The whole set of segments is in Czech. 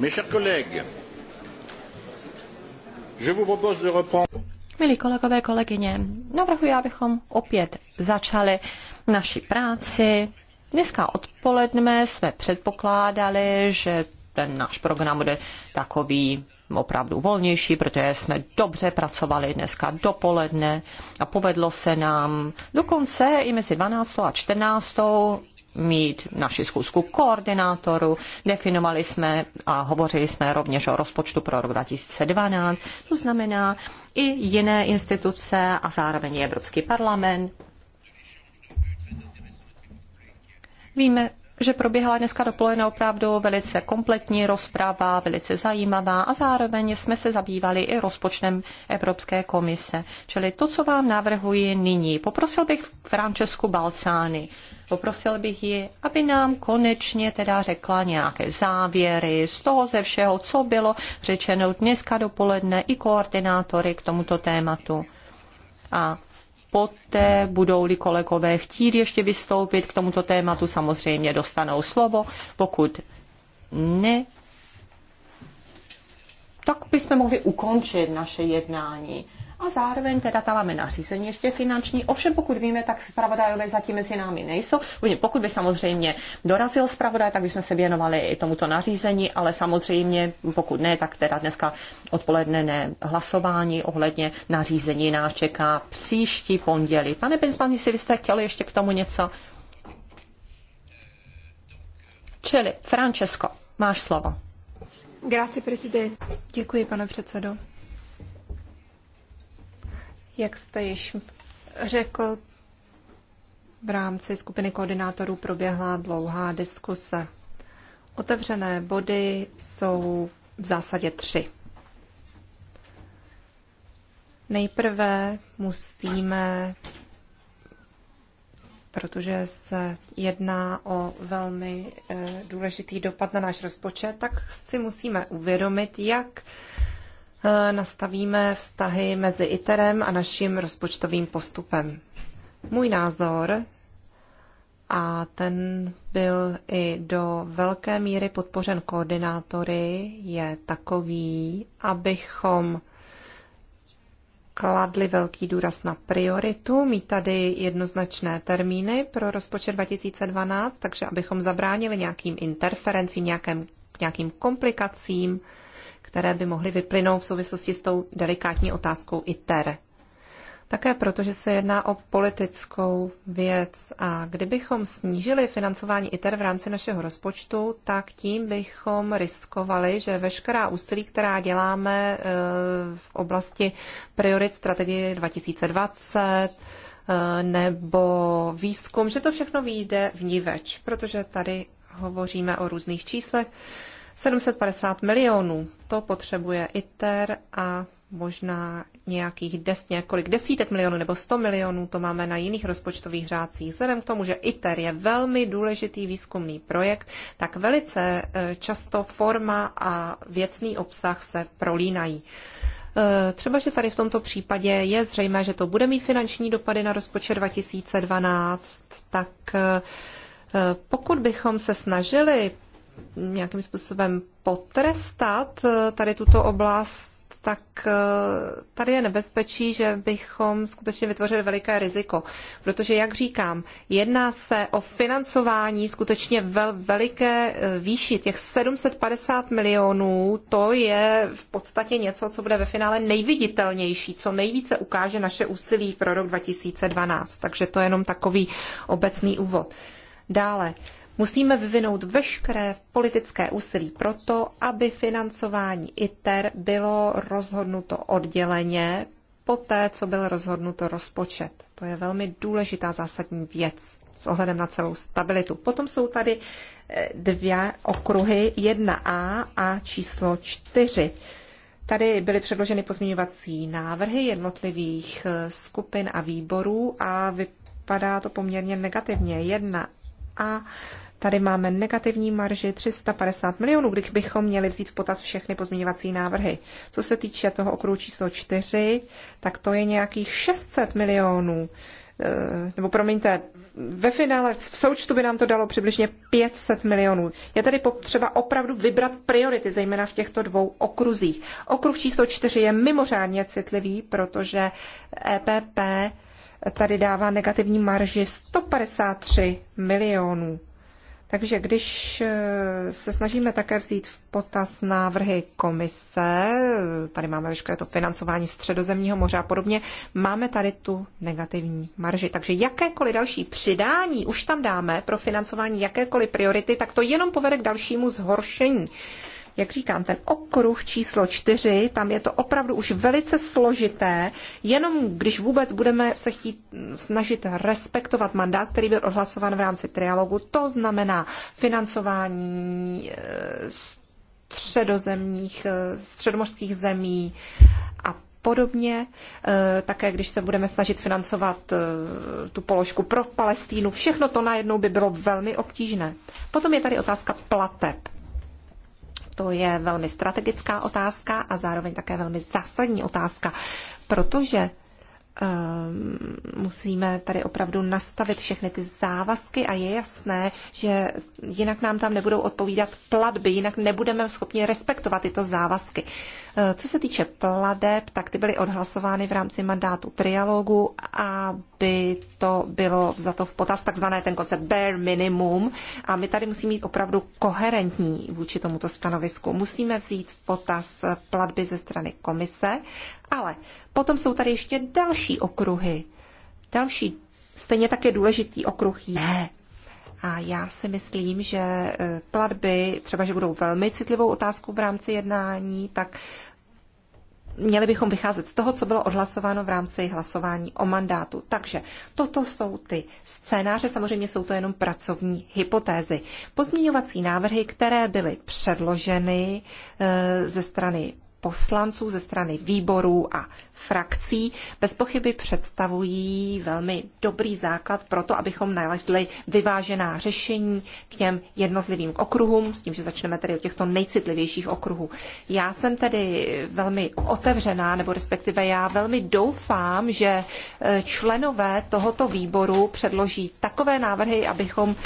Mes chers collègues, je vous propose de reprendre... Milí kolegové, kolegyně, navrhuji, abychom opět začali naši práci. Dneska odpoledne jsme předpokládali, že ten náš program bude takový opravdu volnější, protože jsme dobře pracovali dneska dopoledne a povedlo se nám dokonce i mezi 12. a 14 mít naši schůzku koordinátorů. Definovali jsme a hovořili jsme rovněž o rozpočtu pro rok 2012. To znamená i jiné instituce a zároveň i Evropský parlament. Víme, že proběhla dneska dopoledne opravdu velice kompletní rozprava, velice zajímavá a zároveň jsme se zabývali i rozpočtem Evropské komise. Čili to, co vám navrhuji nyní, poprosil bych Francesku Balcány, poprosil bych ji, aby nám konečně teda řekla nějaké závěry z toho ze všeho, co bylo řečeno dneska dopoledne i koordinátory k tomuto tématu. A poté budou-li kolegové chtít ještě vystoupit k tomuto tématu, samozřejmě dostanou slovo. Pokud ne, tak bychom mohli ukončit naše jednání a zároveň teda ta máme nařízení ještě finanční. Ovšem, pokud víme, tak zpravodajové zatím mezi námi nejsou. Pokud by samozřejmě dorazil zpravodaj, tak bychom se věnovali i tomuto nařízení, ale samozřejmě, pokud ne, tak teda dneska odpoledne ne hlasování ohledně nařízení nás čeká příští pondělí. Pane Pinsman, jestli byste chtěli ještě k tomu něco? Čili, Francesco, máš slovo. Grazie, Děkuji, pane předsedo. Jak jste již řekl, v rámci skupiny koordinátorů proběhla dlouhá diskuse. Otevřené body jsou v zásadě tři. Nejprve musíme, protože se jedná o velmi eh, důležitý dopad na náš rozpočet, tak si musíme uvědomit, jak Eh, nastavíme vztahy mezi ITERem a naším rozpočtovým postupem. Můj názor, a ten byl i do velké míry podpořen koordinátory, je takový, abychom kladli velký důraz na prioritu, mít tady jednoznačné termíny pro rozpočet 2012, takže abychom zabránili nějakým interferencím, nějakým nějakým komplikacím, které by mohly vyplynout v souvislosti s tou delikátní otázkou ITER. Také proto, že se jedná o politickou věc a kdybychom snížili financování ITER v rámci našeho rozpočtu, tak tím bychom riskovali, že veškerá úsilí, která děláme eh, v oblasti priorit strategie 2020, eh, nebo výzkum, že to všechno vyjde vníveč, protože tady hovoříme o různých číslech, 750 milionů, to potřebuje ITER a možná nějakých des, několik desítek milionů nebo 100 milionů, to máme na jiných rozpočtových řádcích. Vzhledem k tomu, že ITER je velmi důležitý výzkumný projekt, tak velice eh, často forma a věcný obsah se prolínají. Eh, třeba, že tady v tomto případě je zřejmé, že to bude mít finanční dopady na rozpočet 2012, tak eh, pokud bychom se snažili nějakým způsobem potrestat eh, tady tuto oblast, tak eh, tady je nebezpečí, že bychom skutečně vytvořili veliké riziko. Protože, jak říkám, jedná se o financování skutečně vel, veliké eh, výši. Těch 750 milionů, to je v podstatě něco, co bude ve finále nejviditelnější, co nejvíce ukáže naše úsilí pro rok 2012. Takže to je jenom takový obecný úvod. Dále. Musíme vyvinout veškeré politické úsilí proto, aby financování ITER bylo rozhodnuto odděleně poté, co byl rozhodnuto rozpočet. To je velmi důležitá zásadní věc s ohledem na celou stabilitu. Potom jsou tady eh, dvě okruhy, 1A a číslo 4. Tady byly předloženy pozměňovací návrhy jednotlivých eh, skupin a výborů a vypadá to poměrně negativně. 1A Tady máme negativní marži 350 milionů, kdybychom měli vzít v potaz všechny pozměňovací návrhy. Co se týče toho okruhu číslo 4, tak to je nějakých 600 milionů. Eh, nebo promiňte, ve finále v součtu by nám to dalo přibližně 500 milionů. Je tedy potřeba opravdu vybrat priority, zejména v těchto dvou okruzích. Okruh číslo 4 je mimořádně citlivý, protože EPP tady dává negativní marži 153 milionů. Takže když eh, se snažíme také vzít v potaz návrhy komise, eh, tady máme veškeré to financování středozemního moře a podobně, máme tady tu negativní marži. Takže jakékoliv další přidání už tam dáme pro financování jakékoliv priority, tak to jenom povede k dalšímu zhoršení jak říkám, ten okruh číslo čtyři, tam je to opravdu už velice složité, jenom když vůbec budeme se chtít snažit respektovat mandát, který byl odhlasován v rámci trialogu, to znamená financování eh, středozemních, eh, středomořských zemí a podobně. Eh, také když se budeme snažit financovat tu položku pro Palestínu, všechno to najednou by bylo velmi obtížné. Potom je tady otázka plateb to je velmi strategická otázka a zároveň také velmi zásadní otázka, protože ehm, musíme tady opravdu nastavit všechny ty závazky a je jasné, že jinak nám tam nebudou odpovídat platby, jinak nebudeme schopni respektovat tyto závazky. Co se týče pladeb, tak ty byly odhlasovány v rámci mandátu trialogu, aby to bylo vzato v potaz, takzvané ten koncept bare minimum. A my tady musíme mít opravdu koherentní vůči tomuto stanovisku. Musíme vzít v potaz platby ze strany komise, ale potom jsou tady ještě další okruhy. Další stejně také důležitý okruh je a já si myslím, že e, platby, třeba že budou velmi citlivou otázkou v rámci jednání, tak měli bychom vycházet z toho, co bylo odhlasováno v rámci hlasování o mandátu. Takže toto jsou ty scénáře, samozřejmě jsou to jenom pracovní hypotézy. Pozměňovací návrhy, které byly předloženy e, ze strany poslanců ze strany výborů a frakcí bez pochyby představují velmi dobrý základ pro to, abychom nalezli vyvážená řešení k těm jednotlivým okruhům, s tím, že začneme tedy od těchto nejcitlivějších okruhů. Já jsem tedy velmi otevřená, nebo respektive já velmi doufám, že eh, členové tohoto výboru předloží takové návrhy, abychom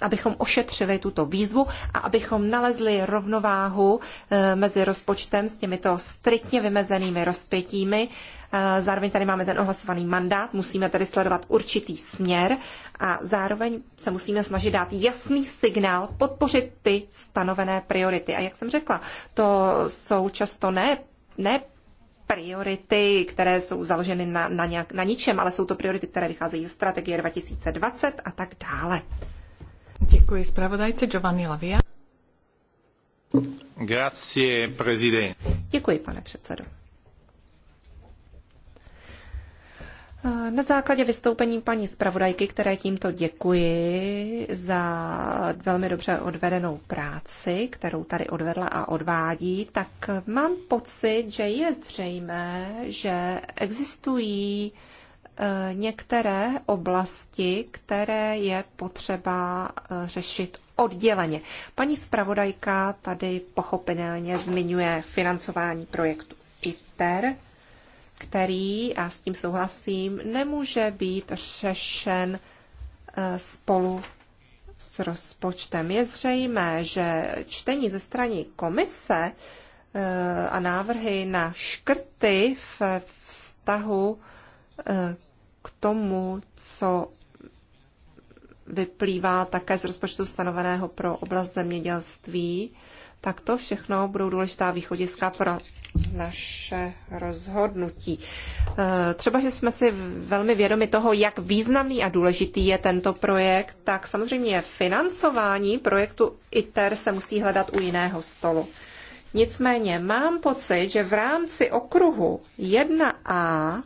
abychom ošetřili tuto výzvu a abychom nalezli rovnováhu eh, mezi rozpočtem s těmito striktně vymezenými rozpětími. Eh, zároveň tady máme ten ohlasovaný mandát, musíme tady sledovat určitý směr a zároveň se musíme snažit dát jasný signál, podpořit ty stanovené priority. A jak jsem řekla, to jsou často ne, ne priority, které jsou založeny na, na, nějak, na ničem, ale jsou to priority, které vycházejí ze strategie 2020 a tak dále. Děkuji zpravodajce Giovanni Lavia. Grazie, prezident. Děkuji, pane předsedo. Eh, na základě vystoupení paní zpravodajky, které tímto děkuji za velmi dobře odvedenou práci, kterou tady odvedla a odvádí, tak mám pocit, že je zřejmé, že existují Eh, některé oblasti, které je potřeba eh, řešit odděleně. Paní zpravodajka tady pochopitelně zmiňuje financování projektu ITER, který, a s tím souhlasím, nemůže být řešen eh, spolu s rozpočtem. Je zřejmé, že čtení ze strany komise a návrhy na škrty v vztahu k tomu, co vyplývá také z rozpočtu stanoveného pro oblast zemědělství, tak to všechno budou důležitá východiska pro naše rozhodnutí. Eh, třeba, že jsme si velmi vědomi toho, jak významný a důležitý je tento projekt, tak samozřejmě financování projektu ITER se musí hledat u jiného stolu. Nicméně mám pocit, že v rámci okruhu 1A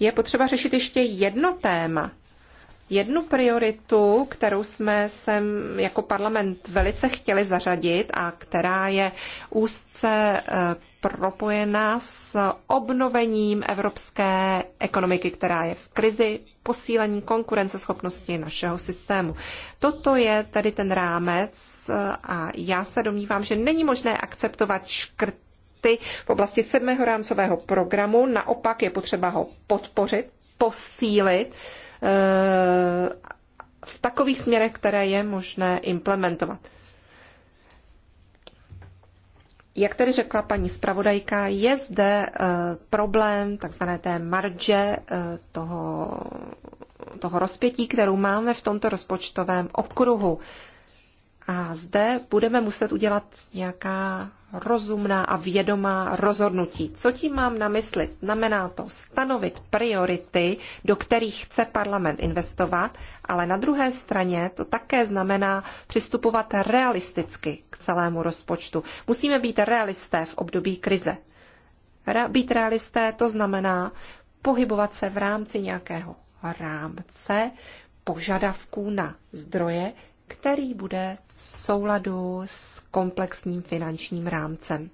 je potřeba řešit ještě jedno téma, jednu prioritu, kterou jsme sem jako parlament velice chtěli zařadit a která je úzce eh, propojena s obnovením evropské ekonomiky, která je v krizi, posílení konkurenceschopnosti našeho systému. Toto je tedy ten rámec eh, a já se domnívám, že není možné akceptovat škrt práci v oblasti sedmého rámcového programu. Naopak je potřeba ho podpořit, posílit eh, v takových směrech, které je možné implementovat. Jak tedy řekla paní zpravodajka, je zde eh, problém takzvané té marže eh, toho, toho rozpětí, kterou máme v tomto rozpočtovém okruhu. A zde budeme muset udělat nějaká rozumná a vědomá rozhodnutí. Co tím mám na mysli? Znamená to stanovit priority, do kterých chce parlament investovat, ale na druhé straně to také znamená přistupovat realisticky k celému rozpočtu. Musíme být realisté v období krize. být realisté to znamená pohybovat se v rámci nějakého rámce požadavků na zdroje, který bude v souladu s komplexním finančním rámcem.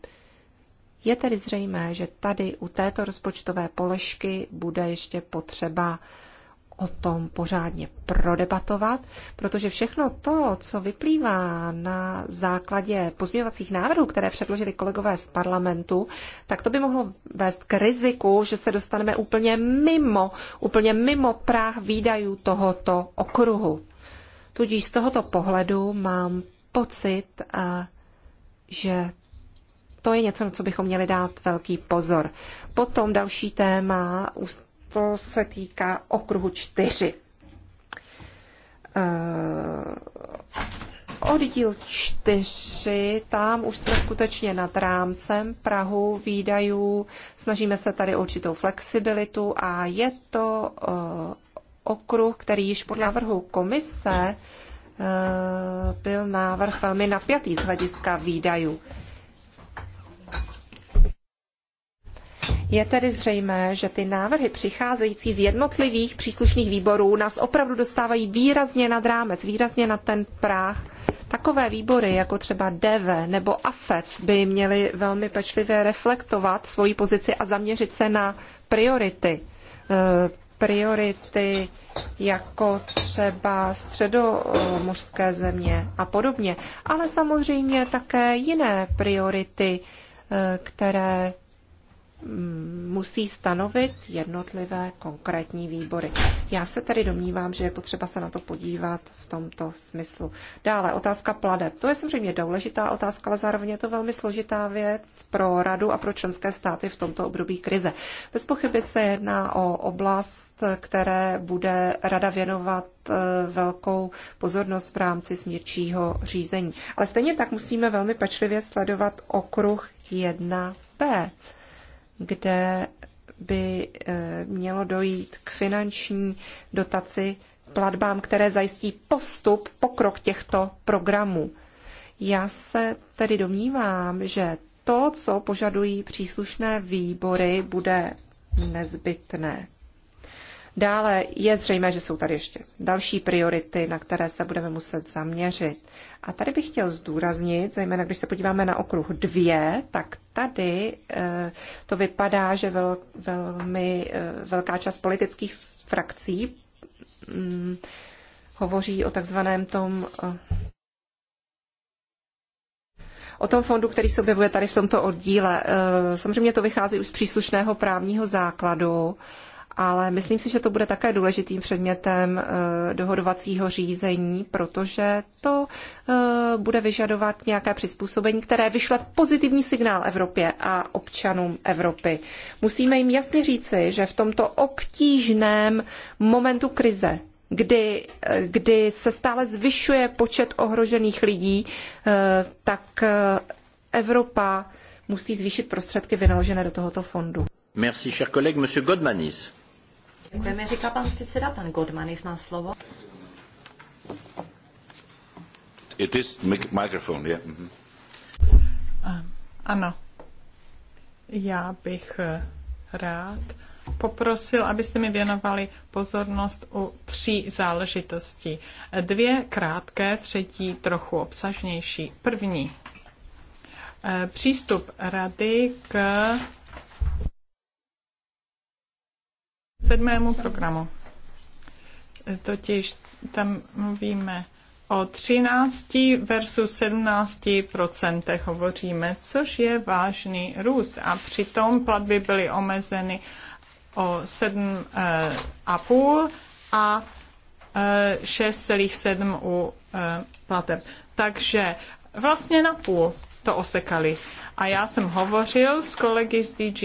Je tedy zřejmé, že tady u této rozpočtové položky bude ještě potřeba o tom pořádně prodebatovat, protože všechno to, co vyplývá na základě pozměvacích návrhů, které předložili kolegové z parlamentu, tak to by mohlo vést k riziku, že se dostaneme úplně mimo, úplně mimo práh výdajů tohoto okruhu. Tudíž z tohoto pohledu mám pocit, eh, že to je něco, na co bychom měli dát velký pozor. Potom další téma, to se týká okruhu čtyři. Eh, oddíl čtyři, tam už jsme skutečně nad rámcem Prahu výdajů, snažíme se tady určitou flexibilitu a je to eh, okruh, který již po návrhu komise eh, byl návrh velmi napjatý z hlediska výdajů. Je tedy zřejmé, že ty návrhy přicházející z jednotlivých příslušných výborů nás opravdu dostávají výrazně nad rámec, výrazně nad ten práh. Takové výbory, jako třeba DV nebo AFET, by měly velmi pečlivě reflektovat svoji pozici a zaměřit se na priority eh, priority jako třeba středomořské země a podobně, ale samozřejmě také jiné priority, eh, které Mm, musí stanovit jednotlivé konkrétní výbory. Já se tedy domnívám, že je potřeba se na to podívat v tomto smyslu. Dále otázka pladeb. To je samozřejmě důležitá otázka, ale zároveň je to velmi složitá věc pro radu a pro členské státy v tomto období krize. Bez pochyby se jedná o oblast, které bude rada věnovat e, velkou pozornost v rámci smírčího řízení. Ale stejně tak musíme velmi pečlivě sledovat okruh 1b kde by eh, mělo dojít k finanční dotaci platbám, které zajistí postup, pokrok těchto programů. Já se tedy domnívám, že to, co požadují příslušné výbory, bude nezbytné. Dále je zřejmé, že jsou tady ještě další priority, na které se budeme muset zaměřit. A tady bych chtěl zdůraznit, zejména když se podíváme na okruh dvě, tak tady eh, to vypadá, že vel, velmi eh, velká část politických frakcí mm, hovoří o takzvaném tom eh, o tom fondu, který se objevuje tady v tomto oddíle. Samozřejmě to vychází už z příslušného právního základu ale myslím si, že to bude také důležitým předmětem eh, dohodovacího řízení, protože to eh, bude vyžadovat nějaké přizpůsobení, které vyšle pozitivní signál Evropě a občanům Evropy. Musíme jim jasně říci, že v tomto obtížném momentu krize kdy, eh, kdy se stále zvyšuje počet ohrožených lidí, tak Evropa musí zvýšit prostředky vynaložené do tohoto fondu. Merci, cher collègue, monsieur Godmanis. Děkujeme, říká pan předseda. Pan Godmanis má slovo. It is microphone, yeah. Mm -hmm. Ano. Já bych eh, rád poprosil, abyste mi věnovali pozornost u tří záležitostí. Dvě krátké, třetí trochu obsažnější. První. Eh, přístup rady k sedmému programu. Totiž tam mluvíme o 13 versus 17 procentech hovoříme, což je vážný růst. A přitom platby byly omezeny o 7,5 eh, a 6,7 eh, u eh, plateb. Takže vlastně na půl to osekali. A já jsem hovořil s kolegy z DG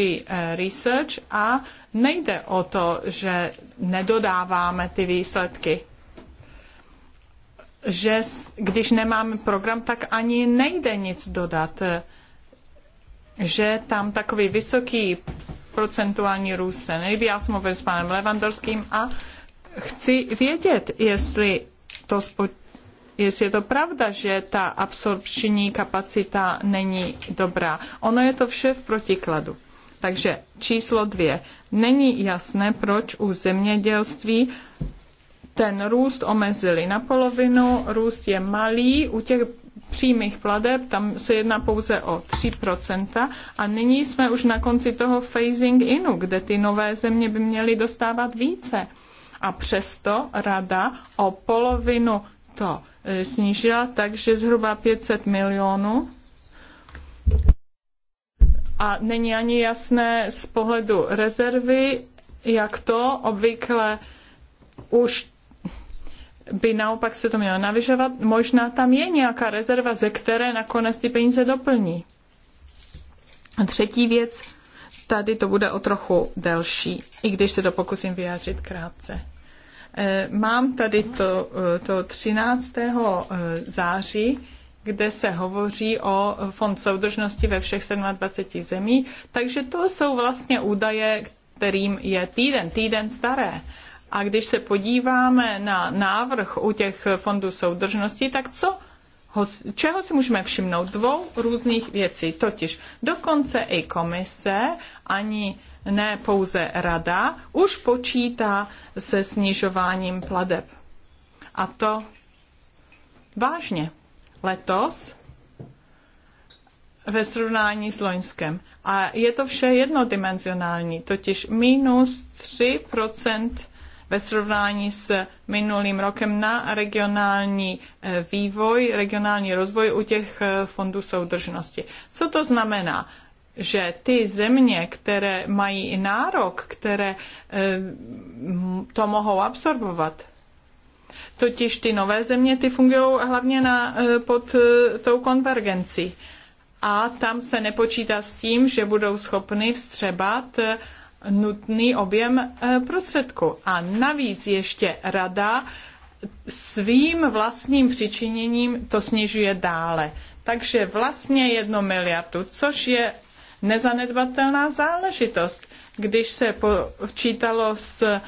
Research a Nejde o to, že nedodáváme ty výsledky. Že když nemáme program, tak ani nejde nic dodat. Že tam takový vysoký procentuální růst se nejví. Já jsem mluvil s panem Levandorským a chci vědět, jestli to spo- jestli je to pravda, že ta absorpční kapacita není dobrá. Ono je to vše v protikladu. Takže číslo dvě. Není jasné, proč u zemědělství ten růst omezili na polovinu, růst je malý, u těch přímých pladeb, tam se jedná pouze o 3%. A nyní jsme už na konci toho phasing inu, kde ty nové země by měly dostávat více. A přesto rada o polovinu to e, snížila, takže zhruba 500 milionů a není ani jasné z pohledu rezervy, jak to obvykle už by naopak se to mělo navyšovat. Možná tam je nějaká rezerva, ze které nakonec ty peníze doplní. A třetí věc, tady to bude o trochu delší, i když se to pokusím vyjádřit krátce. Eh, mám tady to, eh, to 13. Eh, září kde se hovoří o fond soudržnosti ve všech 27 zemí. Takže to jsou vlastně údaje, kterým je týden, týden staré. A když se podíváme na návrh u těch fondů soudržnosti, tak co čeho si můžeme všimnout? Dvou různých věcí. Totiž dokonce i komise, ani ne pouze rada, už počítá se snižováním pladeb. A to vážně letos ve srovnání s loňskem. A je to vše jednodimenzionální, totiž minus 3% ve srovnání s minulým rokem na regionální eh, vývoj, regionální rozvoj u těch eh, fondů soudržnosti. Co to znamená? že ty země, které mají nárok, které eh, to mohou absorbovat, Totiž ty nové země, ty fungují hlavně na, eh, pod eh, tou konvergenci A tam se nepočítá s tím, že budou schopny vstřebat eh, nutný objem prostředků. A navíc ještě rada svým vlastním přičiněním to snižuje dále. Takže vlastně jedno miliardu, což je nezanedbatelná záležitost když se počítalo s eh,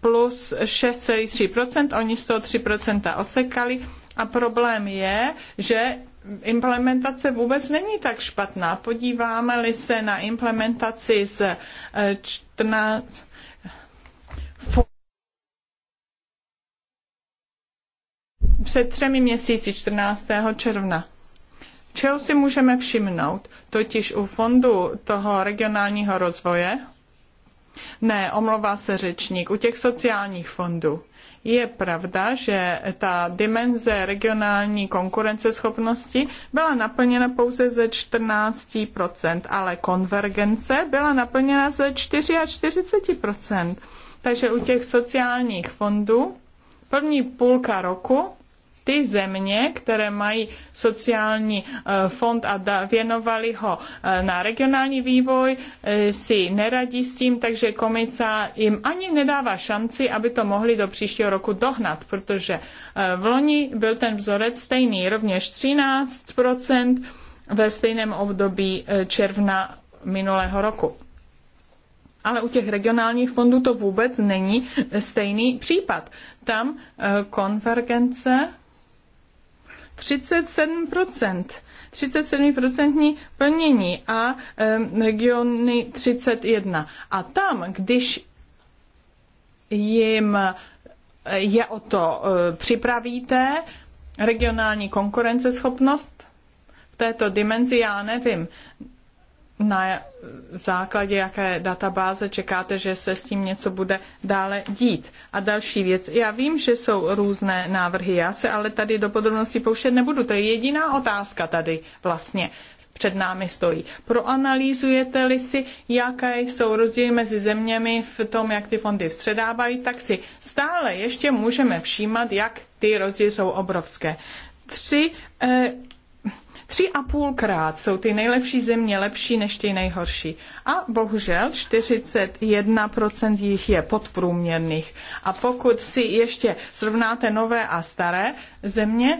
plus 6,3%, oni z toho 3% osekali a problém je, že implementace vůbec není tak špatná. Podíváme-li se na implementaci z 14 eh, před třemi měsíci 14. června. Čeho si můžeme všimnout? totiž u fondu toho regionálního rozvoje, ne, omlouvá se řečník, u těch sociálních fondů. Je pravda, že ta dimenze regionální konkurenceschopnosti byla naplněna pouze ze 14%, ale konvergence byla naplněna ze 44%. Takže u těch sociálních fondů první půlka roku ty země, které mají sociální eh, fond a věnovali ho eh, na regionální vývoj, eh, si neradí s tím, takže komica jim ani nedává šanci, aby to mohli do příštího roku dohnat, protože v loni byl ten vzorec stejný, rovněž 13% ve stejném období června minulého roku. Ale u těch regionálních fondů to vůbec není stejný případ. Tam konvergence 37%. 37% plnění a um, regiony 31. A tam, když jim eh, je o to eh, připravíte, regionální konkurenceschopnost v této dimenzi, já nevím, na základě jaké databáze čekáte, že se s tím něco bude dále dít. A další věc. Já vím, že jsou různé návrhy, já se ale tady do podrobností pouštět nebudu. To je jediná otázka tady vlastně před námi stojí. Proanalýzujete-li si, jaké jsou rozdíly mezi zeměmi v tom, jak ty fondy vstředávají, tak si stále ještě můžeme všímat, jak ty rozdíly jsou obrovské. Tři eh, Tři a půlkrát jsou ty nejlepší země lepší než ty nejhorší. A bohužel 41% jich je podprůměrných. A pokud si ještě srovnáte nové a staré země,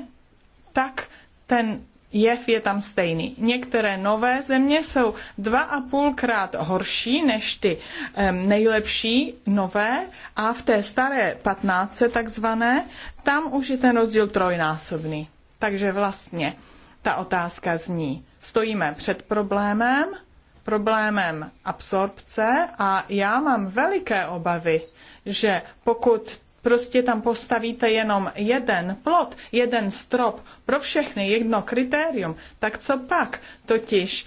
tak ten jev je tam stejný. Některé nové země jsou dva a půlkrát horší než ty um, nejlepší nové a v té staré patnáctce takzvané, tam už je ten rozdíl trojnásobný. Takže vlastně ta otázka zní, stojíme před problémem, problémem absorpce a já mám veliké obavy, že pokud prostě tam postavíte jenom jeden plot, jeden strop pro všechny, jedno kritérium, tak co pak? Totiž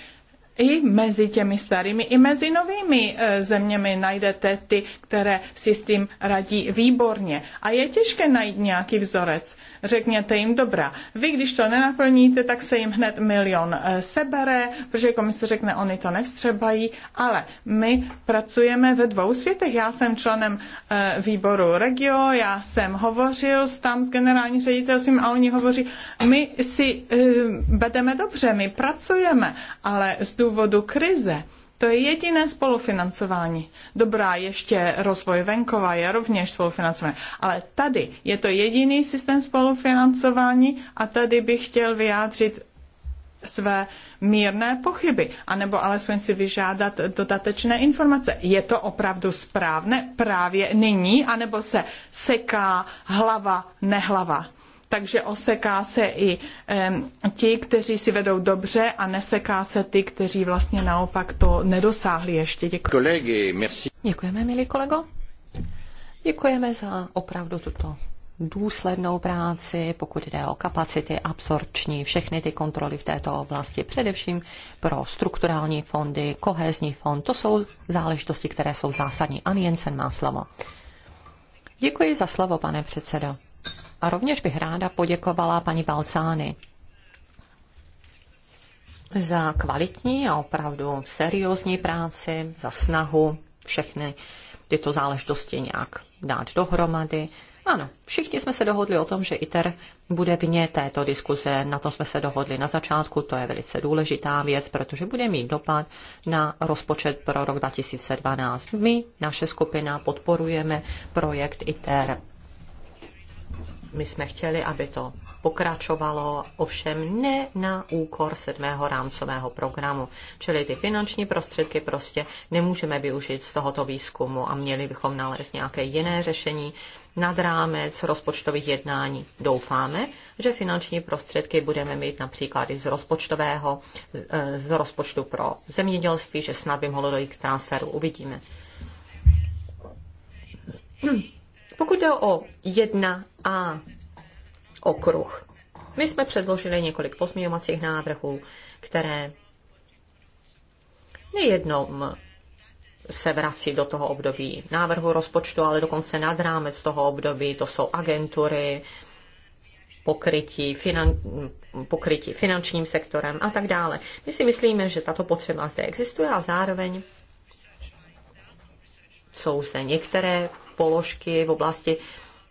i mezi těmi starými, i mezi novými e, zeměmi najdete ty, které si s tím radí výborně. A je těžké najít nějaký vzorec. Řekněte jim, dobrá, vy když to nenaplníte, tak se jim hned milion e, sebere, protože komise řekne, oni to nevstřebají, ale my pracujeme ve dvou světech. Já jsem členem e, výboru Regio, já jsem hovořil s tam s generální ředitelstvím a oni hovoří, my si vedeme dobře, my pracujeme, ale z důvodu krize. To je jediné spolufinancování. Dobrá, ještě rozvoj venkova je rovněž spolufinancování. ale tady je to jediný systém spolufinancování a tady bych chtěl vyjádřit své mírné pochyby, anebo alespoň si vyžádat dodatečné informace. Je to opravdu správné právě nyní, anebo se seká hlava nehlava? takže oseká se i ti, kteří si vedou dobře a neseká se ty, kteří vlastně naopak to nedosáhli ještě. Děkuji. Kolegy, merci. Děkujeme, milí kolego. Děkujeme za opravdu tuto důslednou práci, pokud jde o kapacity absorpční, všechny ty kontroly v této oblasti, především pro strukturální fondy, kohezní fond, to jsou záležitosti, které jsou zásadní. Ani Jensen má slovo. Děkuji za slovo, pane předsedo. A rovněž bych ráda poděkovala paní Balcány za kvalitní a opravdu seriózní práci, za snahu všechny tyto záležitosti nějak dát dohromady. Ano, všichni jsme se dohodli o tom, že ITER bude vně této diskuze, na to jsme se dohodli na začátku, to je velice důležitá věc, protože bude mít dopad na rozpočet pro rok 2012. My, naše skupina, podporujeme projekt ITER my jsme chtěli, aby to pokračovalo, ovšem ne na úkor sedmého rámcového programu. Čili ty finanční prostředky prostě nemůžeme využít z tohoto výzkumu a měli bychom nalézt nějaké jiné řešení nad rámec rozpočtových jednání. Doufáme, že finanční prostředky budeme mít například i z rozpočtového, z rozpočtu pro zemědělství, že snad by mohlo dojít k transferu. Uvidíme. Pokud jde o 1A okruh, my jsme předložili několik pozměňovacích návrhů, které nejednou se vrací do toho období návrhu rozpočtu, ale dokonce nad rámec toho období. To jsou agentury, pokrytí, finan, pokrytí finančním sektorem a tak dále. My si myslíme, že tato potřeba zde existuje a zároveň jsou zde některé položky v oblasti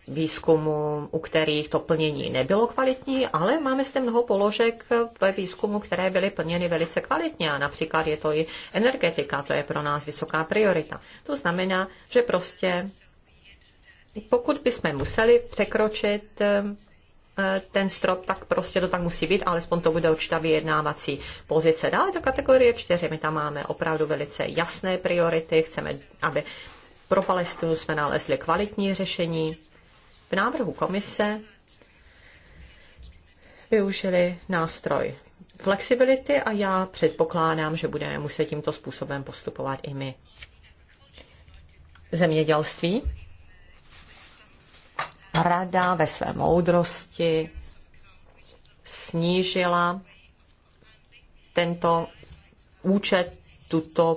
výzkumu, u kterých to plnění nebylo kvalitní, ale máme zde mnoho položek ve výzkumu, které byly plněny velice kvalitně. A například je to i energetika, to je pro nás vysoká priorita. To znamená, že prostě pokud bychom museli překročit eh, ten strop, tak prostě to tak musí být, alespoň to bude určitá vyjednávací pozice. Dále do kategorie 4 my tam máme opravdu velice jasné priority, chceme, aby pro Palestinu jsme nalezli kvalitní řešení. V návrhu komise využili nástroj flexibility a já předpokládám, že budeme muset tímto způsobem postupovat i my. Zemědělství. Rada ve své moudrosti snížila tento účet, tuto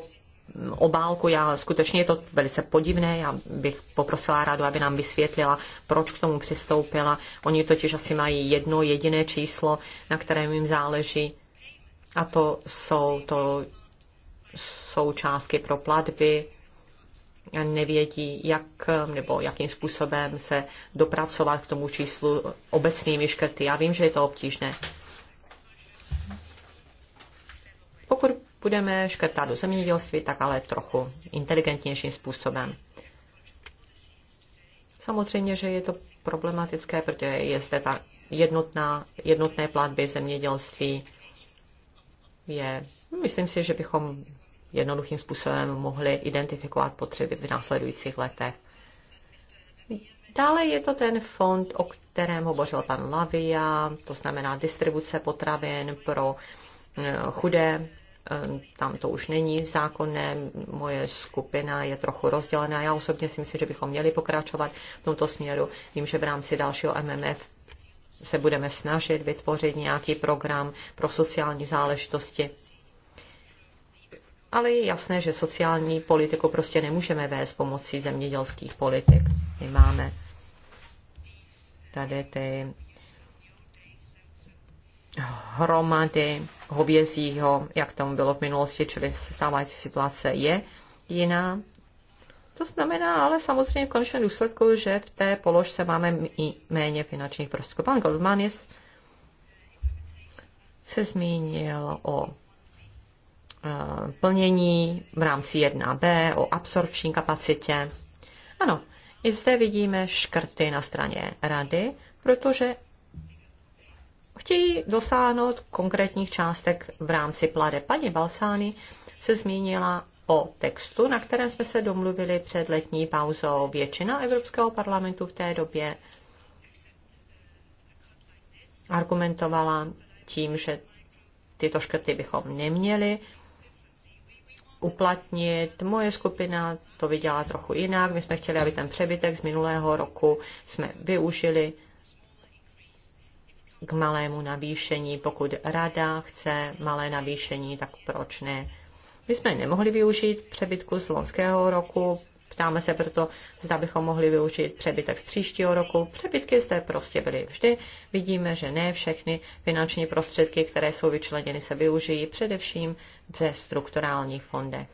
obálku. Já skutečně je to velice podivné. Já bych poprosila rádu, aby nám vysvětlila, proč k tomu přistoupila. Oni totiž asi mají jedno jediné číslo, na kterém jim záleží. A to jsou, to jsou částky pro platby. Nevědí, jak nebo jakým způsobem se dopracovat k tomu číslu obecnými škrty. Já vím, že je to obtížné. Pokud budeme škrtat do zemědělství, tak ale trochu inteligentnějším způsobem. Samozřejmě, že je to problematické, protože je zde ta jednotná, jednotné platby zemědělství. Je, myslím si, že bychom jednoduchým způsobem mohli identifikovat potřeby v následujících letech. Dále je to ten fond, o kterém hovořil pan Lavia, to znamená distribuce potravin pro eh, chudé Eh, tam to už není zákonné, moje skupina je trochu rozdělená. Já osobně si myslím, že bychom měli pokračovat v tomto směru. Vím, že v rámci dalšího MMF se budeme snažit vytvořit nějaký program pro sociální záležitosti. Ale je jasné, že sociální politiku prostě nemůžeme vést pomocí zemědělských politik. My máme tady ty hromady hovězího, jak tomu bylo v minulosti, čili stávající situace je jiná. To znamená ale samozřejmě v konečném důsledku, že v té položce máme i méně finančních prostředků. Pan Goldman je, se zmínil o eh, plnění v rámci 1B, o absorpční kapacitě. Ano, i zde vidíme škrty na straně rady, protože chtějí dosáhnout konkrétních částek v rámci plade. Paní Balsány se zmínila o textu, na kterém jsme se domluvili před letní pauzou. Většina Evropského parlamentu v té době argumentovala tím, že tyto škrty bychom neměli uplatnit. Moje skupina to viděla trochu jinak. My jsme chtěli, aby ten přebytek z minulého roku jsme využili k malému navýšení. Pokud rada chce malé navýšení, tak proč ne? My jsme nemohli využít přebytku z loňského roku, ptáme se proto, zda bychom mohli využít přebytek z příštího roku. Přebytky zde prostě byly vždy. Vidíme, že ne všechny finanční prostředky, které jsou vyčleněny, se využijí především ve strukturálních fondech.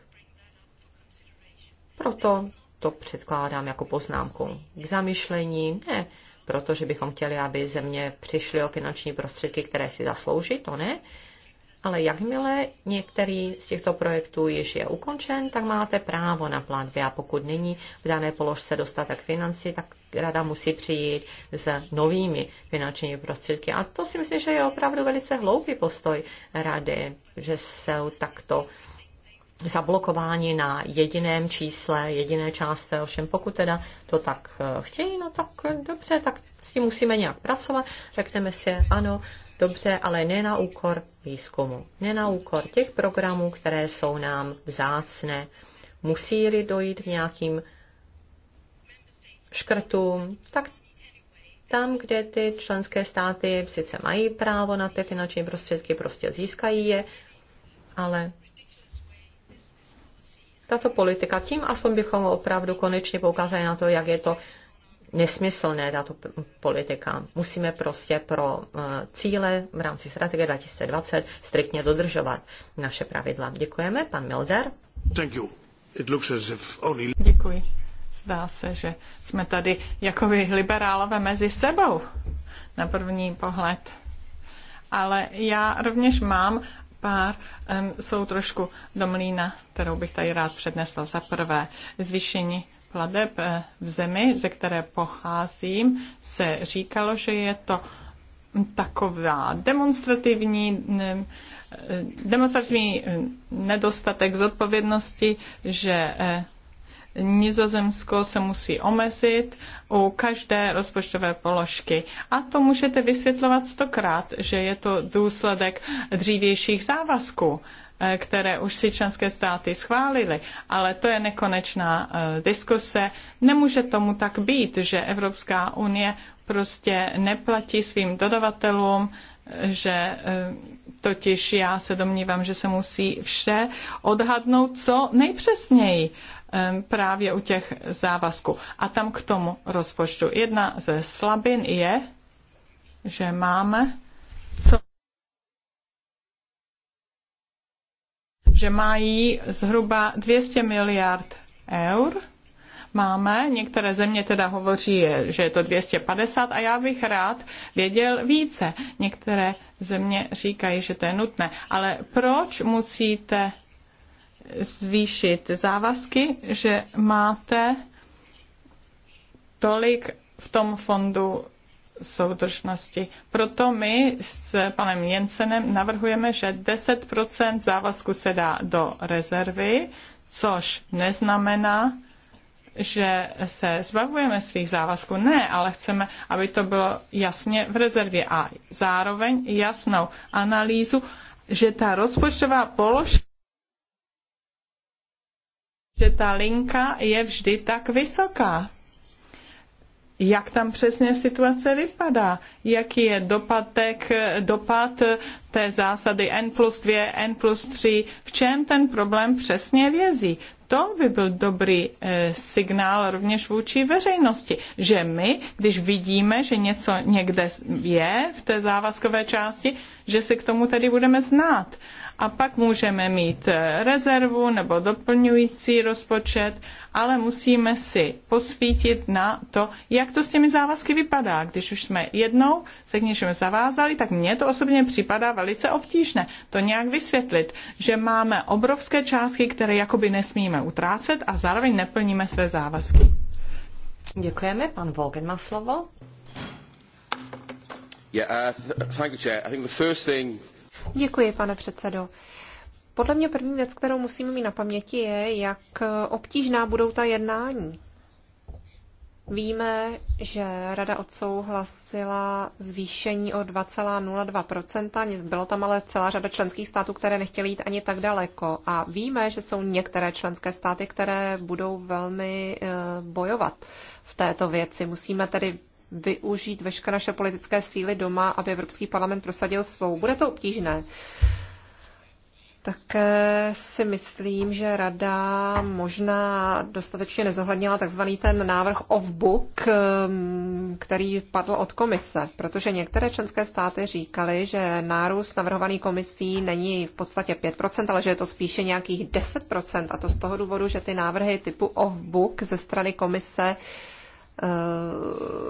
Proto to předkládám jako poznámku k zamyšlení, ne protože bychom chtěli, aby země přišly o finanční prostředky, které si zaslouží, to ne. Ale jakmile některý z těchto projektů již je ukončen, tak máte právo na platby a pokud není v dané položce dostatek financí, tak rada musí přijít s novými finančními prostředky. A to si myslím, že je opravdu velice hloupý postoj rady, že jsou takto uh, zablokováni na jediném čísle, jediné části. Ovšem pokud teda to tak eh, chtějí, no tak eh, dobře, tak s tím musíme nějak pracovat. Řekneme si, ano, dobře, ale ne na úkor výzkumu, ne na úkor těch programů, které jsou nám vzácné. Musí-li dojít k nějakým škrtům, tak tam, kde ty členské státy sice mají právo na ty finanční prostředky, prostě získají je, ale tato politika. Tím aspoň bychom opravdu konečně poukázali na to, jak je to nesmyslné, tato politika. Musíme prostě pro eh, cíle v rámci strategie 2020 striktně dodržovat naše pravidla. Děkujeme, pan Milder. Thank you. It looks as if only... Děkuji. Zdá se, že jsme tady jako vy liberálové mezi sebou na první pohled. Ale já rovněž mám pár um, jsou trošku do mlína, kterou bych tady rád přednesl. Za prvé, zvýšení pladeb eh, v zemi, ze které pocházím, se říkalo, že je to taková demonstrativní eh, demonstrativní eh, nedostatek zodpovědnosti, že Nizozemsko se musí omezit u každé rozpočtové položky. A to můžete vysvětlovat stokrát, že je to důsledek dřívějších závazků eh, které už si členské státy schválily, ale to je nekonečná eh, diskuse. Nemůže tomu tak být, že Evropská unie prostě neplatí svým dodavatelům, eh, že totiž já se domnívám, že se musí vše odhadnout co nejpřesněji právě u těch závazků. A tam k tomu rozpočtu. Jedna ze slabin je, že máme co že mají zhruba 200 miliard eur. Máme, některé země teda hovoří, že je to 250 a já bych rád věděl více. Některé země říkají, že to je nutné. Ale proč musíte zvýšit závazky, že máte tolik v tom fondu soudržnosti. Proto my s panem Jensenem navrhujeme, že 10% závazku se dá do rezervy, což neznamená, že se zbavujeme svých závazků. Ne, ale chceme, aby to bylo jasně v rezervě a zároveň jasnou analýzu, že ta rozpočtová položka že ta linka je vždy tak vysoká. Jak tam přesně situace vypadá? Jaký je dopadek, dopad té zásady N plus 2, N plus 3? V čem ten problém přesně vězí? To by byl dobrý e, signál rovněž vůči veřejnosti, že my, když vidíme, že něco někde je v té závazkové části, že se k tomu tedy budeme znát a pak můžeme mít eh, rezervu nebo doplňující rozpočet, ale musíme si posvítit na to, jak to s těmi závazky vypadá. Když už jsme jednou se k něčemu zavázali, tak mně to osobně připadá velice obtížné to nějak vysvětlit, že máme obrovské částky, které jakoby nesmíme utrácet a zároveň neplníme své závazky. Děkujeme. Pan Vogen má slovo. Yeah, uh, thank you, Chair. I think the first thing Děkuji, pane předsedo. Podle mě první věc, kterou musíme mít na paměti, je, jak obtížná budou ta jednání. Víme, že rada odsouhlasila zvýšení o 2,02%, bylo tam ale celá řada členských států, které nechtěly jít ani tak daleko. A víme, že jsou některé členské státy, které budou velmi eh, bojovat v této věci. Musíme tedy využít veškeré naše politické síly doma, aby Evropský parlament prosadil svou. Bude to obtížné. Také si myslím, že rada možná dostatečně nezohlednila takzvaný ten návrh off-book, mm, který padl od komise, protože některé členské státy říkaly, že nárůst navrhovaný komisí není v podstatě 5%, ale že je to spíše nějakých 10%, a to z toho důvodu, že ty návrhy typu off-book ze strany komise Eh,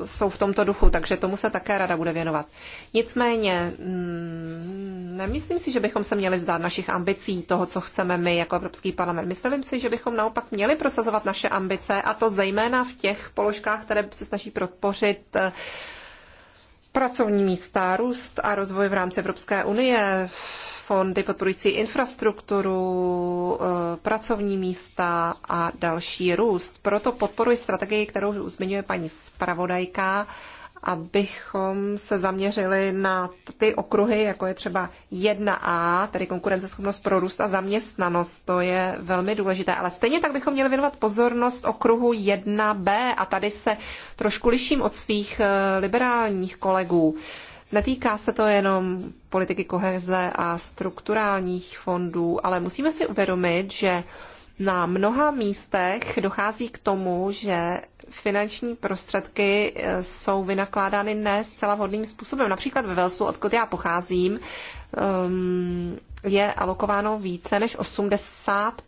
jsou v tomto duchu, takže tomu se také rada bude věnovat. Nicméně, mm, nemyslím si, že bychom se měli zdát našich ambicí, toho, co chceme my jako Evropský parlament. Myslím si, že bychom naopak měli prosazovat naše ambice, a to zejména v těch položkách, které se snaží podpořit eh, pracovní místa, růst a rozvoj v rámci Evropské unie, fondy podporující infrastrukturu, eh, pracovní místa a další růst. Proto podporuji strategii, kterou zmiňuje paní zpravodajka, abychom se zaměřili na ty okruhy, jako je třeba 1A, tedy konkurenceschopnost pro růst a zaměstnanost. To je velmi důležité. Ale stejně tak bychom měli věnovat pozornost okruhu 1B a tady se trošku liším od svých eh, liberálních kolegů. Netýká se to jenom politiky koheze a strukturálních fondů, ale musíme si uvědomit, že na mnoha místech dochází k tomu, že finanční prostředky eh, jsou vynakládány ne zcela vhodným způsobem. Například ve Velsu, odkud já pocházím, um, je alokováno více než 80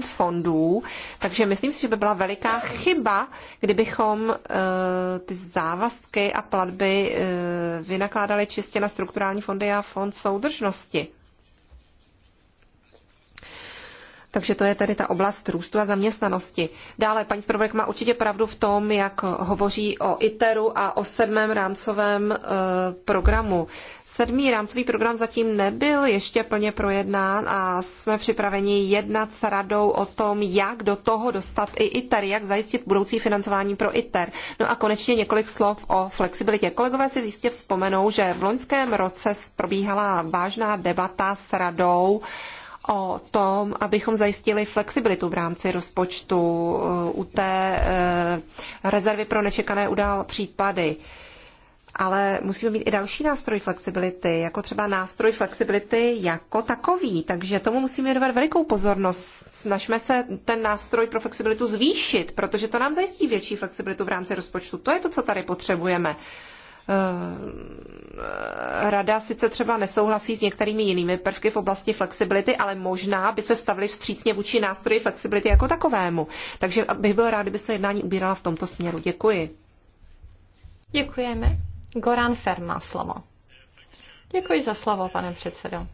fondů, takže myslím si, že by byla veliká chyba, kdybychom eh, ty závazky a platby eh, vynakládali čistě na strukturální fondy a fond soudržnosti. Takže to je tedy ta oblast růstu a zaměstnanosti. Dále paní Sprobek má určitě pravdu v tom, jak hovoří o ITERu a o sedmém rámcovém e, programu. Sedmý rámcový program zatím nebyl ještě plně projednán a jsme připraveni jednat s radou o tom, jak do toho dostat i ITER, jak zajistit budoucí financování pro ITER. No a konečně několik slov o flexibilitě. Kolegové si jistě vzpomenou, že v loňském roce probíhala vážná debata s radou o tom, abychom zajistili flexibilitu v rámci rozpočtu eh, u té eh, rezervy pro nečekané udál případy. Ale musíme mít i další nástroj flexibility, jako třeba nástroj flexibility jako takový. Takže tomu musíme věnovat velikou pozornost. Snažme se ten nástroj pro flexibilitu zvýšit, protože to nám zajistí větší flexibilitu v rámci rozpočtu. To je to, co tady potřebujeme. Uh, Eh, rada sice třeba nesouhlasí s některými jinými prvky v oblasti flexibility, ale možná by se stavili vstřícně vůči nástroji flexibility jako takovému. Takže bych byl rád, kdyby se jednání ubírala v tomto směru. Děkuji. Děkujeme. Goran Ferma slovo. Děkuji za slovo, pane předsedo.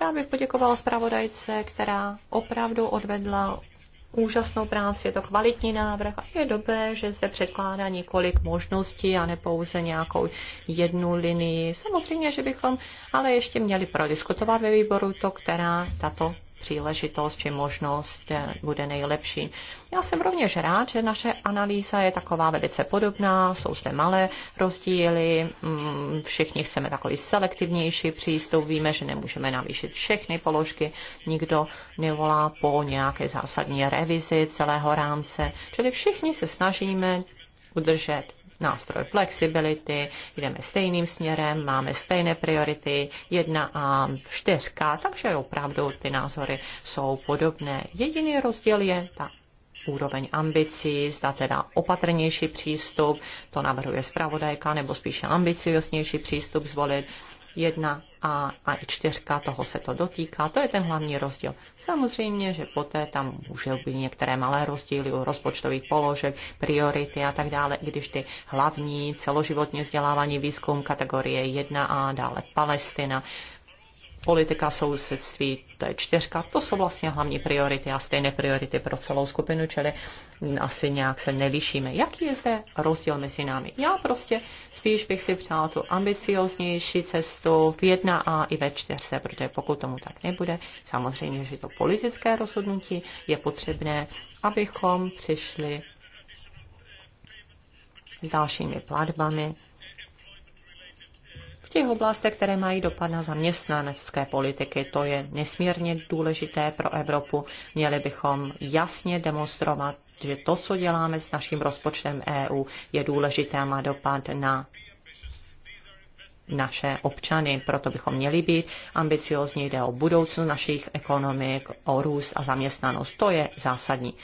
Já bych poděkovala zpravodajce, která opravdu odvedla úžasnou práci, je to kvalitní návrh a je dobré, že se předkládá několik možností a ne pouze nějakou jednu linii. Samozřejmě, že bychom ale ještě měli prodiskutovat ve výboru to, která tato příležitost či možnost eh, bude nejlepší. Já jsem rovněž rád, že naše analýza je taková velice podobná, jsou zde malé rozdíly, mm, všichni chceme takový selektivnější přístup, víme, že nemůžeme navýšit všechny položky, nikdo nevolá po nějaké zásadní revizi celého rámce, čili všichni se snažíme udržet nástroj flexibility, jdeme stejným směrem, máme stejné priority, jedna a čtyřka, takže opravdu ty názory jsou podobné. Jediný rozdíl je ta úroveň ambicí, zda teda opatrnější přístup, to navrhuje zpravodajka, nebo spíše ambicioznější přístup zvolit. Jedna a, a i čtyřka, toho se to dotýká, to je ten hlavní rozdíl. Samozřejmě, že poté tam může být některé malé rozdíly u rozpočtových položek, priority a tak dále, i když ty hlavní celoživotně vzdělávání výzkum kategorie 1a, dále Palestina, politika sousedství, to je čtyřka, to jsou vlastně hlavní priority a stejné priority pro celou skupinu, čili asi nějak se nelišíme. Jaký je zde rozdíl mezi námi? Já prostě spíš bych si přál tu ambicioznější cestu v jedna a i ve čtyřce, protože pokud tomu tak nebude, samozřejmě, že to politické rozhodnutí je potřebné, abychom přišli s dalšími platbami, těch oblastech, které mají dopad na zaměstnanecké politiky. To je nesmírně důležité pro Evropu. Měli bychom jasně demonstrovat, že to, co děláme s naším rozpočtem EU, je důležité a má dopad na naše občany. Proto bychom měli být ambiciozní, jde o budoucnost našich ekonomik, o růst a zaměstnanost. To je zásadní.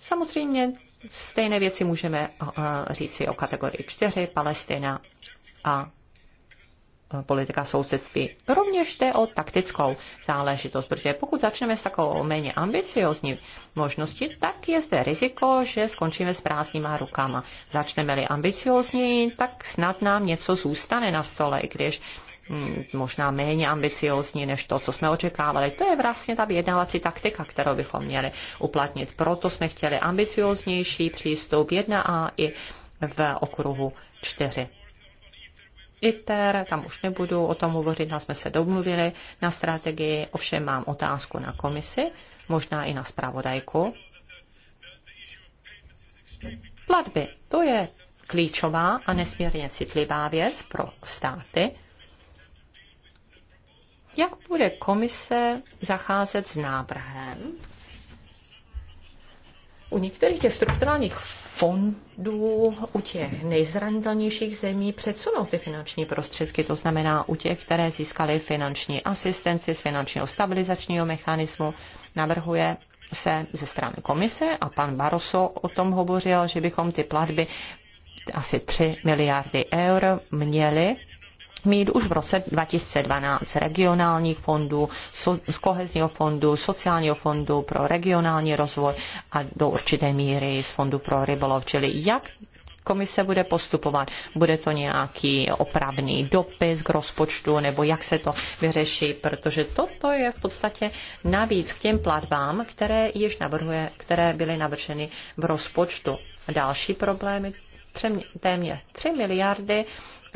Samozřejmě Stejné věci můžeme eh, říci o kategorii 4, Palestina a eh, politika sousedství. Rovněž jde o taktickou záležitost, protože pokud začneme s takovou méně ambiciozní možností, tak je zde riziko, že skončíme s prázdnýma rukama. Začneme-li ambiciozněji, tak snad nám něco zůstane na stole, i když Mm, možná méně ambiciozní než to, co jsme očekávali. To je vlastně ta vyjednávací taktika, kterou bychom měli uplatnit. Proto jsme chtěli ambicióznější přístup 1A i v okruhu 4. ITER, tam už nebudu o tom hovořit, tam jsme se domluvili na strategii, ovšem mám otázku na komisi, možná i na zpravodajku. Platby, to je klíčová a nesmírně citlivá věc pro státy. Jak bude komise zacházet s návrhem? U některých těch strukturálních fondů, u těch nejzranitelnějších zemí předsunou ty finanční prostředky, to znamená u těch, které získaly finanční asistenci z finančního stabilizačního mechanismu, navrhuje se ze strany komise a pan Barroso o tom hovořil, že bychom ty platby asi 3 miliardy eur měli mít už v roce 2012 regionálních fondů, so, z kohezního fondu, sociálního fondu pro regionální rozvoj a do určité míry z fondu pro rybolov. Čili jak komise bude postupovat? Bude to nějaký opravný dopis k rozpočtu nebo jak se to vyřeší? Protože toto je v podstatě navíc k těm platbám, které již navrhuje, které byly navrženy v rozpočtu. Další problémy téměř 3 miliardy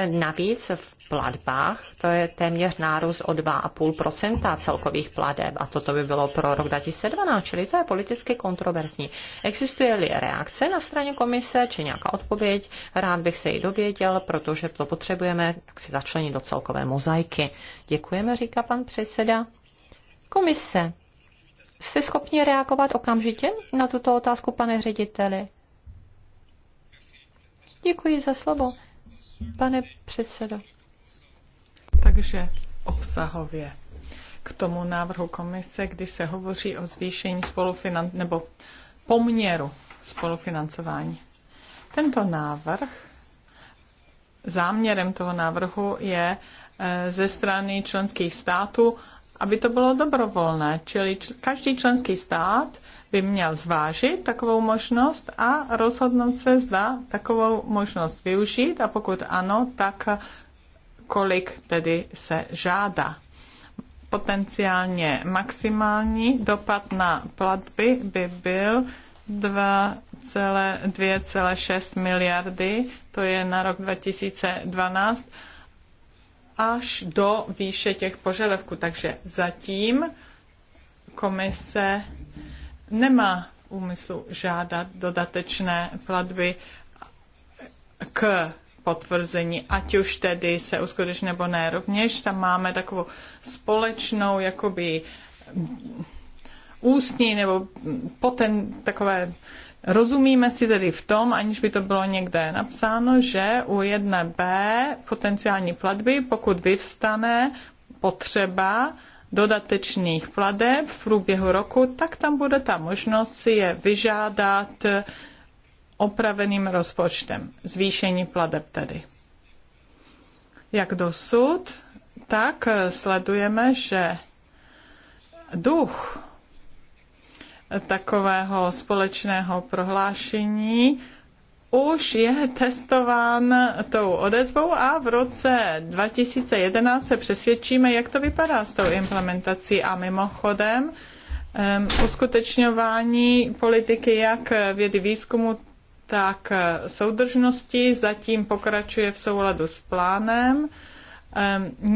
Navíc v platbách to je téměř nárůst o 2,5 celkových plateb a toto by bylo pro rok 2012, čili to je politicky kontroverzní. Existuje-li reakce na straně komise či nějaká odpověď, rád bych se ji dověděl, protože to potřebujeme tak si začlenit do celkové mozaiky. Děkujeme, říká pan předseda. Komise, jste schopni reagovat okamžitě na tuto otázku, pane řediteli? Děkuji za slovo pane předsedo. Takže obsahově k tomu návrhu komise, kdy se hovoří o zvýšení spolufinan- nebo poměru spolufinancování. Tento návrh, záměrem toho návrhu je e, ze strany členských států, aby to bylo dobrovolné, čili každý členský stát by měl zvážit takovou možnost a rozhodnout se, zda takovou možnost využít a pokud ano, tak kolik tedy se žádá. Potenciálně maximální dopad na platby by byl 2,6 miliardy, to je na rok 2012, až do výše těch požadavků. Takže zatím komise nemá v úmyslu žádat dodatečné platby k potvrzení, ať už tedy se uskuteční nebo ne. Rovněž tam máme takovou společnou jakoby ústní nebo poten, takové Rozumíme si tedy v tom, aniž by to bylo někde napsáno, že u jedné b potenciální platby, pokud vyvstane potřeba, dodatečných pladeb v průběhu roku, tak tam bude ta možnost si je vyžádat opraveným rozpočtem, zvýšení pladeb tedy. Jak dosud, tak sledujeme, že duch takového společného prohlášení už je testován tou odezvou a v roce 2011 se přesvědčíme, jak to vypadá s tou implementací a mimochodem um, uskutečňování politiky jak vědy výzkumu, tak soudržnosti zatím pokračuje v souladu s plánem. Um,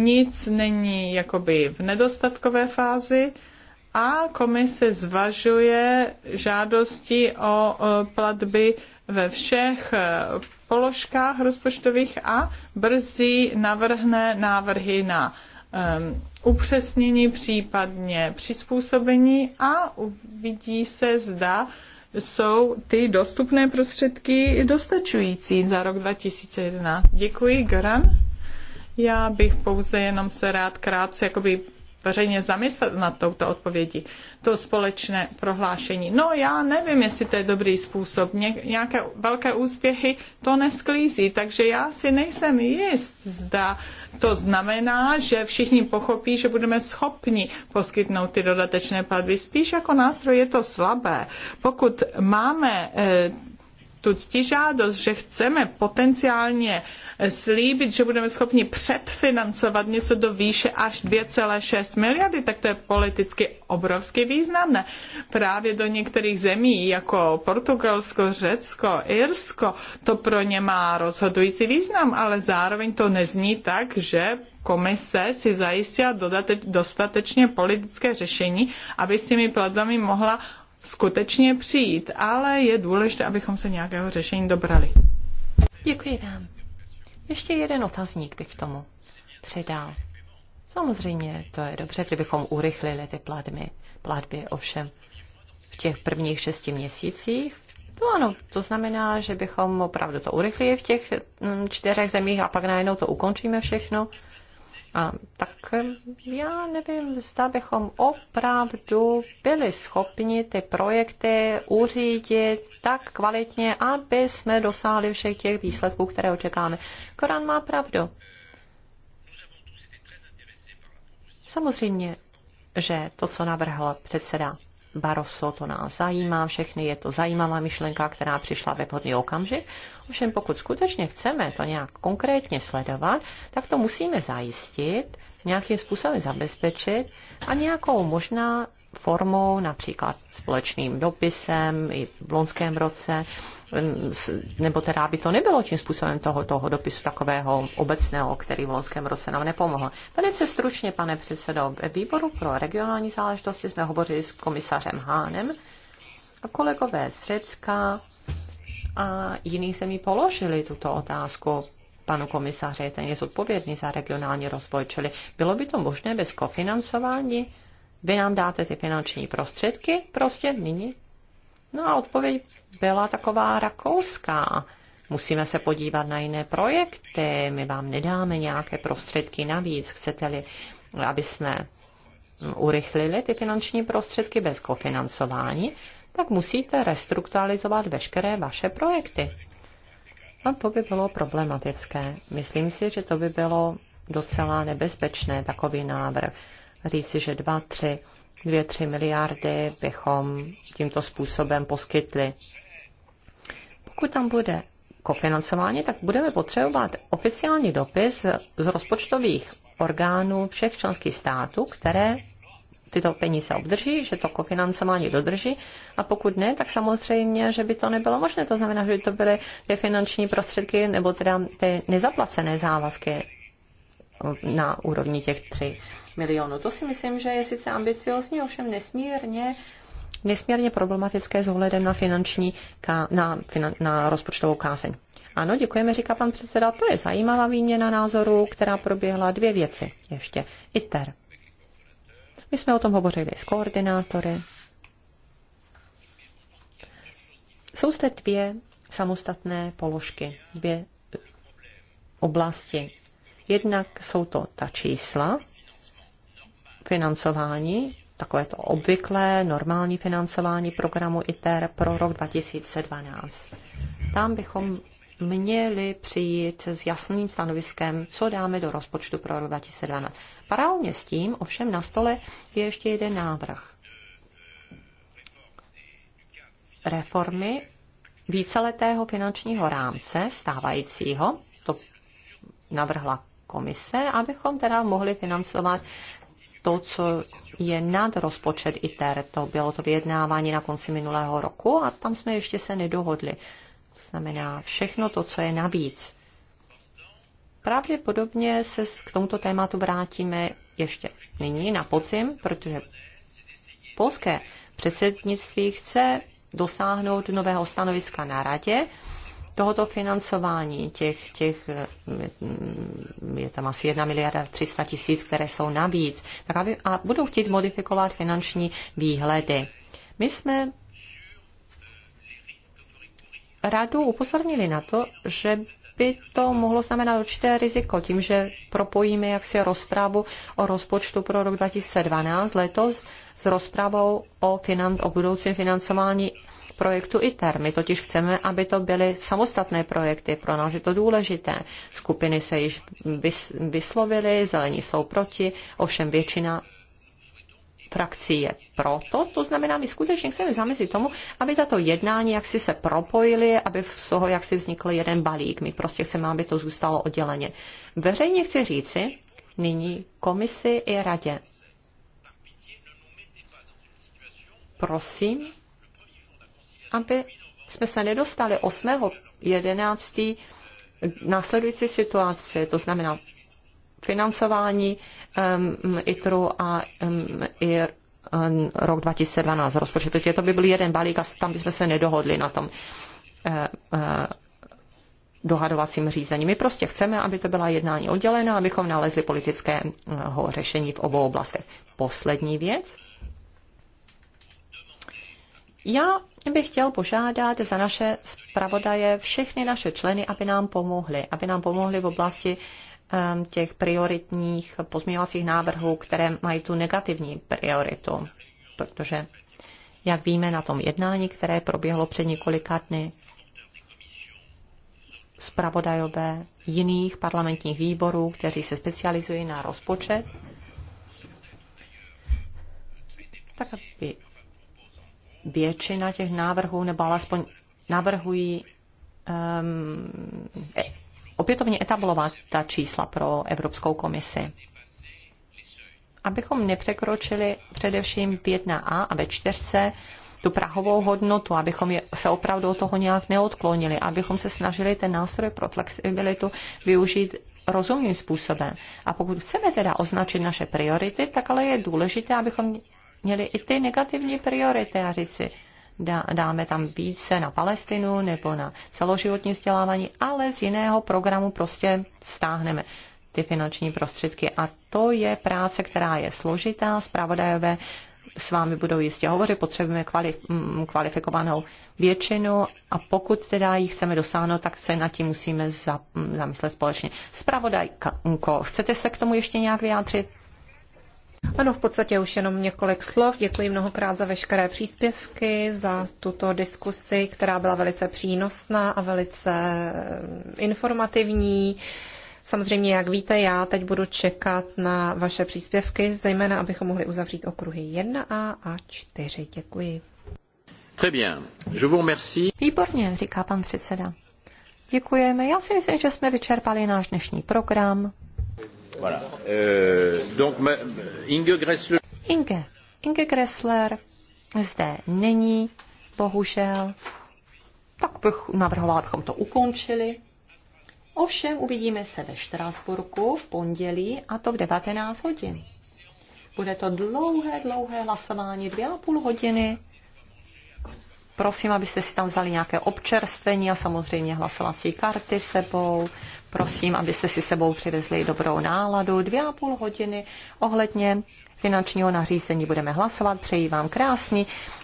nic není jakoby v nedostatkové fázi a komise zvažuje žádosti o platby ve všech eh, položkách rozpočtových a brzy navrhne návrhy na um, upřesnění, případně přizpůsobení a uvidí se, zda jsou ty dostupné prostředky dostačující za rok 2011. Děkuji, Goran. Já bych pouze jenom se rád krátce jakoby veřejně zamyslet nad touto odpovědí, to společné prohlášení. No já nevím, jestli to je dobrý způsob, nějaké velké úspěchy to nesklízí, takže já si nejsem jist, zda to znamená, že všichni pochopí, že budeme schopni poskytnout ty dodatečné platby. Spíš jako nástroj je to slabé. Pokud máme eh, tu ctižádost, že chceme potenciálně slíbit, že budeme schopni předfinancovat něco do výše až 2,6 miliardy, tak to je politicky obrovsky významné. Právě do některých zemí, jako Portugalsko, Řecko, Irsko, to pro ně má rozhodující význam, ale zároveň to nezní tak, že komise si zajistila dostatečně politické řešení, aby s těmi platbami mohla skutečně přijít, ale je důležité, abychom se nějakého řešení dobrali. Děkuji vám. Ještě jeden otazník bych k tomu přidal. Samozřejmě to je dobře, kdybychom urychlili ty platby, platby ovšem v těch prvních šesti měsících. To ano, to znamená, že bychom opravdu to urychlili v těch mm, čtyřech zemích a pak najednou to ukončíme všechno. A tak já nevím, zda bychom opravdu byli schopni ty projekty uřídit tak kvalitně, aby jsme dosáhli všech těch výsledků, které očekáme. Koran má pravdu. Samozřejmě, že to, co navrhl předseda Barroso, to nás zajímá všechny, je to zajímavá myšlenka, která přišla ve vhodný okamžik. Ovšem pokud skutečně chceme to nějak konkrétně sledovat, tak to musíme zajistit, nějakým způsobem zabezpečit a nějakou možná formou, například společným dopisem i v loňském roce nebo teda by to nebylo tím způsobem toho, toho dopisu takového obecného, který v loňském roce nám nepomohl. Velice stručně, pane předsedo, ve výboru pro regionální záležitosti jsme hovořili s komisařem Hánem a kolegové z Řecka a jiní se mi položili tuto otázku panu komisaři, ten je zodpovědný za regionální rozvoj, čili bylo by to možné bez kofinancování? Vy nám dáte ty finanční prostředky prostě nyní No a odpověď byla taková rakouská. Musíme se podívat na jiné projekty, my vám nedáme nějaké prostředky navíc, chcete-li, aby jsme urychlili ty finanční prostředky bez kofinancování, tak musíte restrukturalizovat veškeré vaše projekty. A to by bylo problematické. Myslím si, že to by bylo docela nebezpečné, takový návrh. Říci, že dva, tři 2-3 miliardy bychom tímto způsobem poskytli. Pokud tam bude kofinancování, tak budeme potřebovat oficiální dopis z rozpočtových orgánů všech členských států, které tyto peníze obdrží, že to kofinancování dodrží a pokud ne, tak samozřejmě, že by to nebylo možné. To znamená, že by to byly ty finanční prostředky nebo teda ty nezaplacené závazky na úrovni těch tři milionů. To si myslím, že je sice ambiciozní, ovšem nesmírně nesmírně problematické s ohledem na finanční, na, na rozpočtovou kázeň. Ano, děkujeme, říká pan předseda. To je zajímavá výměna názorů, která proběhla dvě věci ještě. ITER. My jsme o tom hovořili s koordinátory. Jsou zde dvě samostatné položky, dvě oblasti. Jednak jsou to ta čísla, financování, takové to obvyklé, normální financování programu ITER pro rok 2012. Tam bychom měli přijít s jasným stanoviskem, co dáme do rozpočtu pro rok 2012. Paralelně s tím ovšem na stole je ještě jeden návrh. Reformy víceletého finančního rámce stávajícího, to navrhla komise, abychom teda mohli financovat to, co je nad rozpočet ITER. To bylo to vyjednávání na konci minulého roku a tam jsme ještě se nedohodli. To znamená všechno to, co je navíc. Pravděpodobně se k tomuto tématu vrátíme ještě nyní na podzim, protože polské předsednictví chce dosáhnout nového stanoviska na radě tohoto financování, těch, těch je tam asi 1 miliarda 300 tisíc, které jsou navíc, tak aby, a budou chtít modifikovat finanční výhledy. My jsme radu upozornili na to, že by to mohlo znamenat určité riziko tím, že propojíme jaksi rozprávu o rozpočtu pro rok 2012 letos s rozpravou o, finan- o budoucím financování projektu ITER. My totiž chceme, aby to byly samostatné projekty. Pro nás je to důležité. Skupiny se již vyslovily, zelení jsou proti, ovšem většina frakcí je proto. To znamená, my skutečně chceme zamezit tomu, aby tato jednání jaksi se propojily, aby z toho jaksi vznikl jeden balík. My prostě chceme, aby to zůstalo odděleně. Veřejně chci říci nyní komisi i radě. Prosím, aby jsme se nedostali 8. 11. následující situaci, to znamená financování um, ITRu a um, i um, rok 2012 rozpočet, protože to by byl jeden balík a tam bychom se nedohodli na tom uh, uh, dohadovacím řízení. My prostě chceme, aby to byla jednání oddělená, abychom nalezli politického eh, řešení v obou oblastech. Poslední věc, já bych chtěl požádat za naše zpravodaje všechny naše členy, aby nám pomohli, aby nám pomohli v oblasti ehm, těch prioritních pozměňovacích návrhů, které mají tu negativní prioritu, protože, jak víme, na tom jednání, které proběhlo před několika dny, zpravodajové jiných parlamentních výborů, kteří se specializují na rozpočet, tak aby většina těch návrhů, nebo alespoň navrhují um, e, opětovně etablovat ta čísla pro Evropskou komisi. Abychom nepřekročili především v 1A a ve 4 tu prahovou hodnotu, abychom je, se opravdu od toho nějak neodklonili, abychom se snažili ten nástroj pro flexibilitu využít rozumným způsobem. A pokud chceme teda označit naše priority, tak ale je důležité, abychom měli i ty negativní priority a říci, dáme tam více na Palestinu nebo na celoživotní vzdělávání, ale z jiného programu prostě stáhneme ty finanční prostředky. A to je práce, která je složitá. Spravodajové s vámi budou jistě hovořit, potřebujeme kvali, mm, kvalifikovanou většinu a pokud teda ji chceme dosáhnout, tak se nad tím musíme za, mm, zamyslet společně. Spravodajka, chcete se k tomu ještě nějak vyjádřit? Ano, v podstatě už jenom několik slov. Děkuji mnohokrát za veškeré příspěvky, za tuto diskusi, která byla velice přínosná a velice eh, informativní. Samozřejmě, jak víte, já teď budu čekat na vaše příspěvky, zejména abychom mohli uzavřít okruhy 1a a 4. Děkuji. Très bien. Je vous remercie. Výborně, říká pan předseda. Děkujeme. Já si myslím, že jsme vyčerpali náš dnešní program. Euh, Inge Inge. Gressler zde není, bohužel. Tak bych navrhovala, abychom to ukončili. Ovšem uvidíme se ve Štrasburku v pondělí a to v 19 hodin. Bude to dlouhé, dlouhé hlasování, dvě a půl hodiny. Prosím, abyste si tam vzali nějaké občerstvení a samozřejmě hlasovací karty sebou prosím, abyste si sebou přivezli dobrou náladu. Dvě a půl hodiny ohledně finančního nařízení budeme hlasovat. Přeji vám krásný